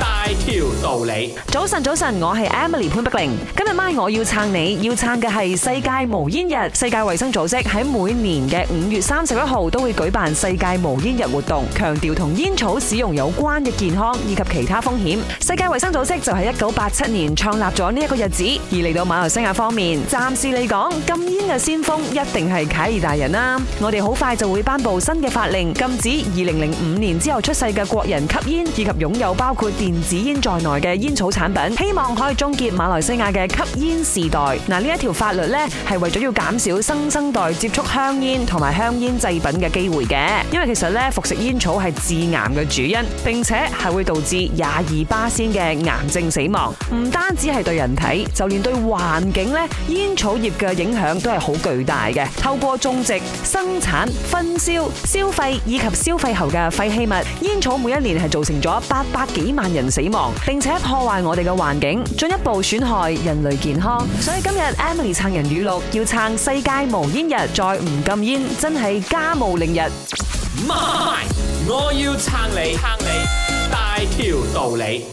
大條道理，早晨早晨，我係 Emily 潘碧玲。今日晚我要撐你，要撐嘅係世界無煙日。世界衛生組織喺每年嘅五月三十一號都會舉辦世界無煙日活動，強調同煙草使用有關嘅健康以及其他風險。世界衛生組織就喺一九八七年創立咗呢一個日子。而嚟到馬來西亞方面，暫時嚟講，禁煙嘅先鋒一定係卡爾大人啦。我哋好快就會頒布新嘅法令，禁止二零零五年之後出世嘅國人吸煙以及擁有包括。電子煙在內嘅煙草產品，希望可以終結馬來西亞嘅吸煙時代。嗱，呢一條法律呢係為咗要減少新生,生代接觸香煙同埋香煙製品嘅機會嘅，因為其實呢，服食煙草係致癌嘅主因，並且係會導致廿二巴仙嘅癌症死亡。唔單止係對人體，就連對環境呢，煙草業嘅影響都係好巨大嘅。透過種植、生產、分銷、消費以及消費後嘅廢棄物，煙草每一年係造成咗八百幾萬。人死亡，並且破壞我哋嘅環境，進一步損害人類健康。所以今日 Emily 撐人語錄，要撐世界無煙日，再唔禁煙，真係家無寧日。媽咪，我要撐你，撐你大條道理。